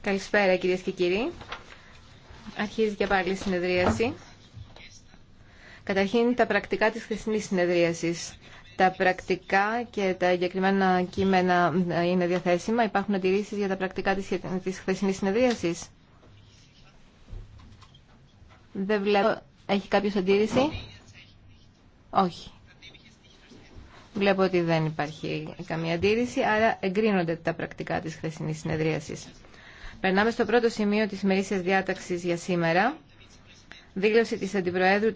Καλησπέρα κυρίες και κύριοι. Αρχίζει και πάλι η συνεδρίαση. Καταρχήν τα πρακτικά της χθεσινής συνεδρίασης. Τα πρακτικά και τα εγκεκριμένα κείμενα ε, είναι διαθέσιμα. Υπάρχουν αντιρρήσεις για τα πρακτικά της χθεσινής συνεδρίασης. Δεν βλέπω. Έχει κάποιος αντίρρηση. Όχι. Βλέπω ότι δεν υπάρχει καμία αντίρρηση, άρα εγκρίνονται τα πρακτικά της χθεσινής συνεδρίασης. Περνάμε στο πρώτο σημείο της μερίσιας διάταξης για σήμερα. Δήλωση της Αντιπροέδρου